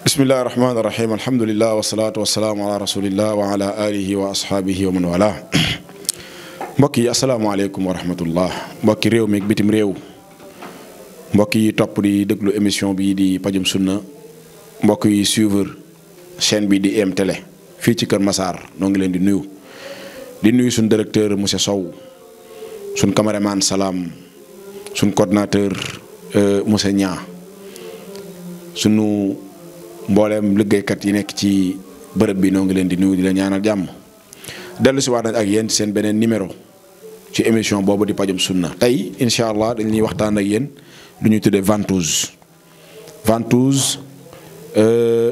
بسم الله الرحمن الرحيم الحمد لله والصلاة والسلام على رسول الله وعلى آله وأصحابه ومن والاه مبكي السلام عليكم ورحمة الله مبكي ريو ميك بيتم ريو مبكي توب دي دغلو اميسيون بي دي باجم سنة مبكي سيفر شين بي دي ام تيلي في تي مسار نونغي لين دي نيو دي نيو سون ديريكتور موسى صو سون كاميرامان سلام سون كورناتر موسى نيا سونو mboolem liggéeykat yi nekk ci bërëb bi noo ngi leen di nuyu di la ñaanal jàmm dellu si waat ak yéen ci seen beneen numéro ci émission boobu di pajum sunna tey incha allah dañuy waxtaan ak yéen lu ñuy tuddee ventouse ventouse euh,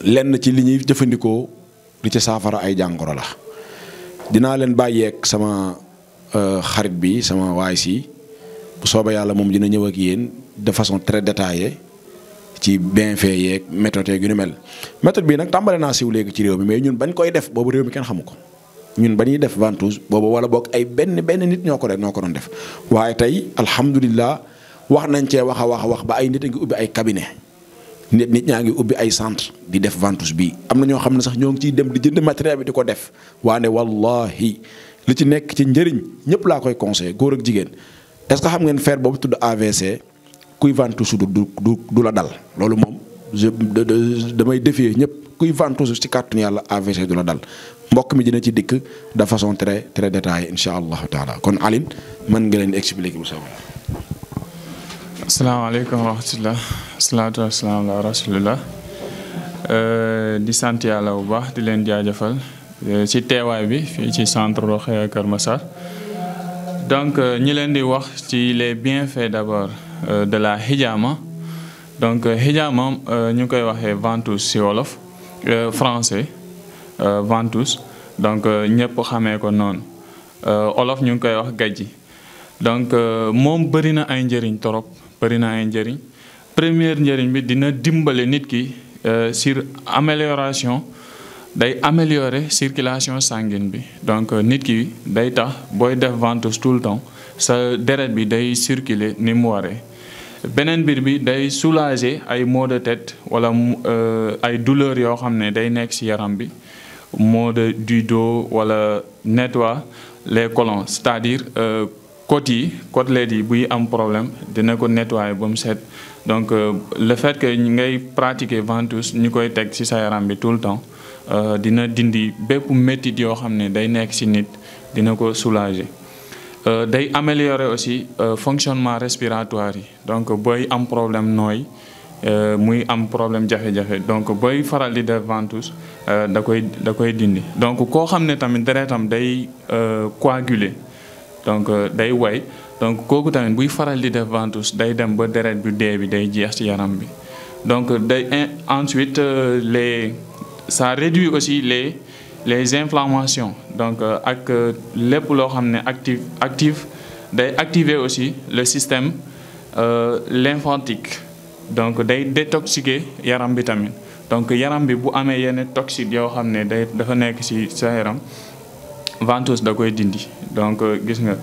lenn ci li ñuy jëfandikoo di ci saafara ay jàngoro la dinaa leen bàyyeeg sama euh, xarit bi sama waay si bu soobee yàlla moom dina ñëw ak yéen de façon très détaillée. ci bienfait yeeg méthode yeeg yu ni mel méthode bii nag tàmbale naa siw léegi ci réew mi mais ñun bañ koy def boobu réew mi kenn xamu ko ñun ba ñuy def ventouse boobu wala boog ay benn benn nit ñoo ko def ñoo ko doon def waaye tey alhamdulilah wax nañ cee wax a wax wax ba ay nit a ngi ubbi ay cabinet nit nit ñaa ngi ubbi ay centre di def ventouse bii am na ñoo xam ne sax ñoo ngi ciy dem di jënd matériel bi di ko def waane wallahi li ci nekk ci njëriñ ñëpp laa koy conseillé góor ak jigéen est-ce que xam ngeen feer boobu tudd AVC kuy ventoux su du du la dal loolu moom je damay défier ñëpp kuy ventoux su ci kàttanu yàlla AVC du la dal mbokk mi dina ci dikk de façon très très détaillée incha allahu taala kon Aline mën nga leen expliquer bu soobee. asalaamaaleykum wa rahmatulah asalaatu wasalaam ala euh, di sant yàlla bu baax di leen jaajëfal euh, ci teewaay bi fii ci centre Rokhaya Kër Massar donc euh, ñi leen di wax ci les bienfaits d'abord. Euh, de la hijama donc euh, hijama euh, ñu koy waxee ventouse wolof français ventouse donc ñëpp xamee ko non. olof ñu ngi wax donc mon berina na ay njëriñ torop berina na ay njëriñ première njëriñ bi dina dimbale nit ki sur amélioration day améliorer circulation sanguine bi donc nit ki day tax booy def ventouse tout le temps ça deret bi day circuler ni benen mbir bi day soulager ay maux de tête wala euh, ay douleurs yo xamné day nek ci yaram bi maux de du dos wala nettoie les colons c'est-à-dire euh, côtes yi côtelette yi buy am problème dina ko nettoyer bu mu set donc euh, le fait que ngay pratiquer ventouse ñukoy koy ci sa yaram bi tout le temps dina dindi bépp métit yo xamné day nek ci nit dina ko soulager euh, day améliorer aussi euh, fonctionnement respiratoire donc boy am problème noy euh, muy am problème jafé jafé donc boy faral di def ventouse euh, da koy da koy dindi donc ko xamné tamit deretam day euh, coaguler donc euh, day way donc koku tamit buy faral di def ventouse day dem ba deret bi dee bi day jeex ci yaram bi donc day ensuite les ça réduit aussi les les inflammations donc euh, ak poules lo xamné active day activer aussi le système euh, lymphatique donc day détoxiquer yaram vitamine donc yaram bi bu amé yene toxique yo xamné day dafa nek ci sa yaram ventouse da koy dindi donc euh, gis nga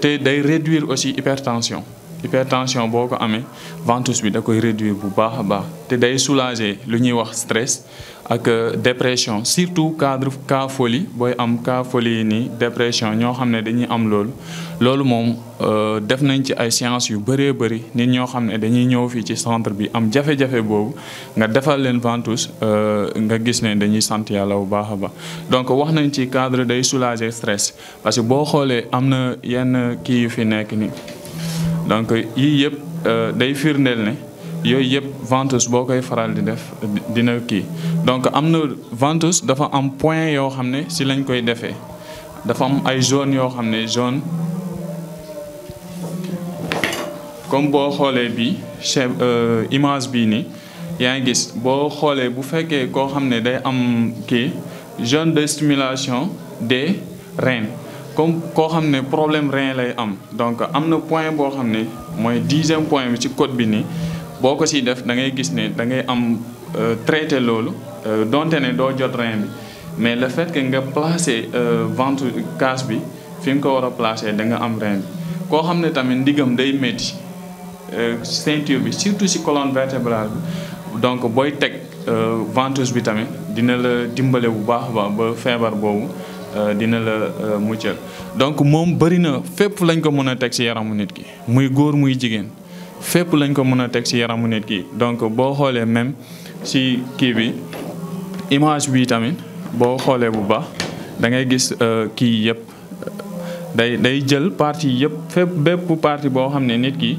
day réduire aussi hypertension hypertension boo ko amé ventus bi da koy réduire bu baax a baax te day soulager lu ñuy wax stress ak euh, dépression surtout cadre cas folie boy am cas folie ni dépression ño xamné dañuy am loolu. mom euh def nañ ci ay séances yu bëree bëri nit ño xamné dañuy ñëw fi ci centre bi am jafé jafé bobu nga défal leen euh nga gis né dañuy sant yalla bu baax ba donc wax nañ ci cadre day soulager stress parce que bo xolé am yenn ki yu fi nekk ni donc yii yëpp euh, day firndeel ne yooyu yëpp ventouse bokay faral di def dina ki donc amna na ventouse dafa am point yo xamne si lañ koy defé dafa am ay zone yo xamne ne zone comme bo xolé bi chef euh, image bi ni yaa ngi gis boo xoolee bu fekkee ko xamne day am kii zone de stimulation des reins comme koo xam ne problème rein lay am donc am na point boo xam ne mooy dixième point bi ci code bi nii boo ko siy def da ngay gis ne da ngay am euh, traité loolu euh, donte ne doo jot rein bi mais le fait que nga placer euh, ventre kaas bi fi nga ko war a placer da nga am rein bi koo xam ne tamit ndigam day métti ceinture bi surtout ci colonne vertébrale bi donc booy teg ventouse bi tamit dina la dimbale bu baax baax ba feebar boobu Euh, dina la euh, muccal donc moom bëri na fépp lañ ko mën a teg ci yaramu nit ki muy góor muy jigéen fépp lañ ko mën a teg ci yaramu nit ki donc boo xoolee même ci kii bi image bi tamit boo xoolee bu baax da ngay gis euh, kii yëpp day day jël parti yëpp fépp bépp parti boo xam ne nit ki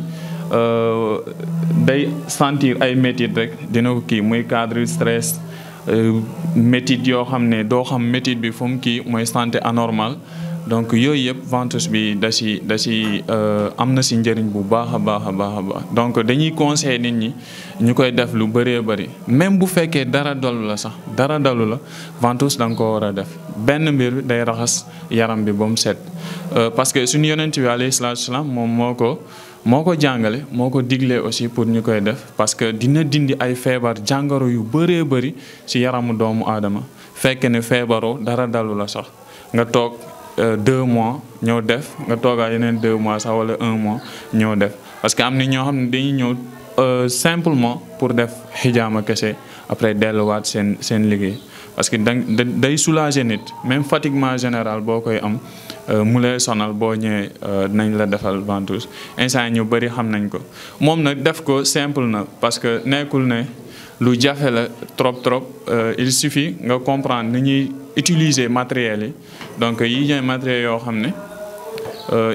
day sentir ay métit rek dina ko kii muy cadre stress Euh, métit yoo xam ne doo xam métit bi fu mu mooy santé anormal donc yooyu yëpp ventouse bi da si da si euh, am na si njëriñ bu baax a baax a baax a baax donc dañuy conseiller nit ñi ñu koy def lu bëree bëri même bu fekkee dara dalu la sax dara dalu la ventouse da nga ko war a def benn mbir day raxas yaram bi ba mu set euh, parce que suñu yonent bi alayhi salaam moom moo ko moo ko jàngale moo ko diglee aussi pour ñu koy def parce que dina dindi ay feebar jàngoro yu bëree bëri ci yaramu doomu aadama fekk ne feebaroo dara dalu la sax nga toog euh, deux mois ñoo def nga toogaa yeneen deux mois sax walla un mois ñoo def parce que am na ñoo xam ne dañuy ñëw euh, simplement pour def xijaama kese après delluwaat seen seen liggéey parce que da day soulager nit même fatiguement général boo koy am Euh, mu lay sonal boo ñëwee euh, nañ la defal ventouse instant ñu bëri xam nañ ko moom nag def ko simple na parce que nekkul ne lu jafe la trop trop euh, il suffit nga comprendre ni ñuy utiliser matériels yi donc yi ñooy matériels yoo xam ne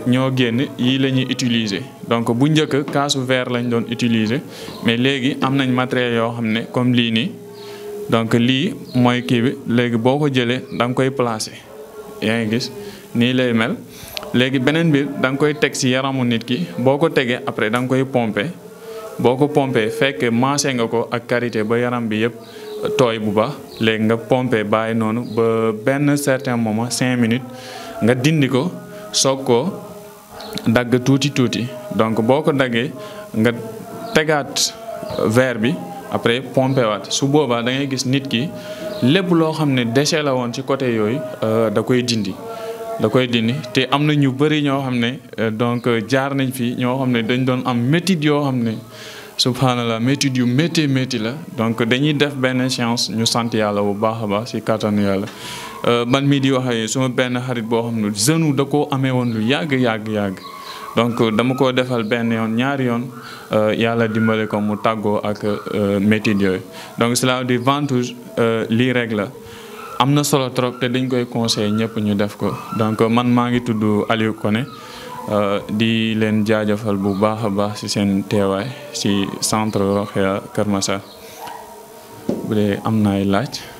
ñoo génn yii la ñuy utiliser donc bu njëkk kaasu verre lañ doon utiliser mais léegi am nañ matériels yoo xam ne comme lii nii donc lii mooy kii bi léegi boo ko jëlee da nga koy placer yaa ngi gis nii lay mel léegi beneen bi da nga koy teg si yaramu nit ki boo ko tegee après da nga koy pompe boo ko pompe fekk maase nga ko ak quarité ba yaram bi yëpp tooy bu baax léegi nga pompe bàyyi noonu ba benn certain moment cinq minutes nga dindi ko soog koo dagg tuuti tuuti donc boo ko daggee nga tegaat verre bi après pompe waat su boobaa da ngay gis nit ki lépp loo xam ne déchet la woon ci côté yooyu euh, da koy dindi da koy dindi te am na ñu bëri ñoo xam ne euh, donc euh, jaar nañ fii ñoo xam ne dañ doon am métit yoo xam ne subhanallah métit yu métti métti la donc dañuy def benn chance ñu sant yàlla bu baax a baax si kattanu yàlla. Euh, man mii di wax suma benn xarit boo xam ne jeune da koo amee woon lu yàgg yàgg yàgg. donc dama ko defal benn yoon ñaari yoon yàlla dimbale ko mu tàggoo ak métit yooyu donc cela veut dire ventouse lii rek la. am solo trop te dañ koy conseil ñëpp ñu def ko donc man maa ngi tudd Aliou euh, di leen jaajëfal bu baax a baax si seen teewaay si centre Rokhia Kër bu ay laaj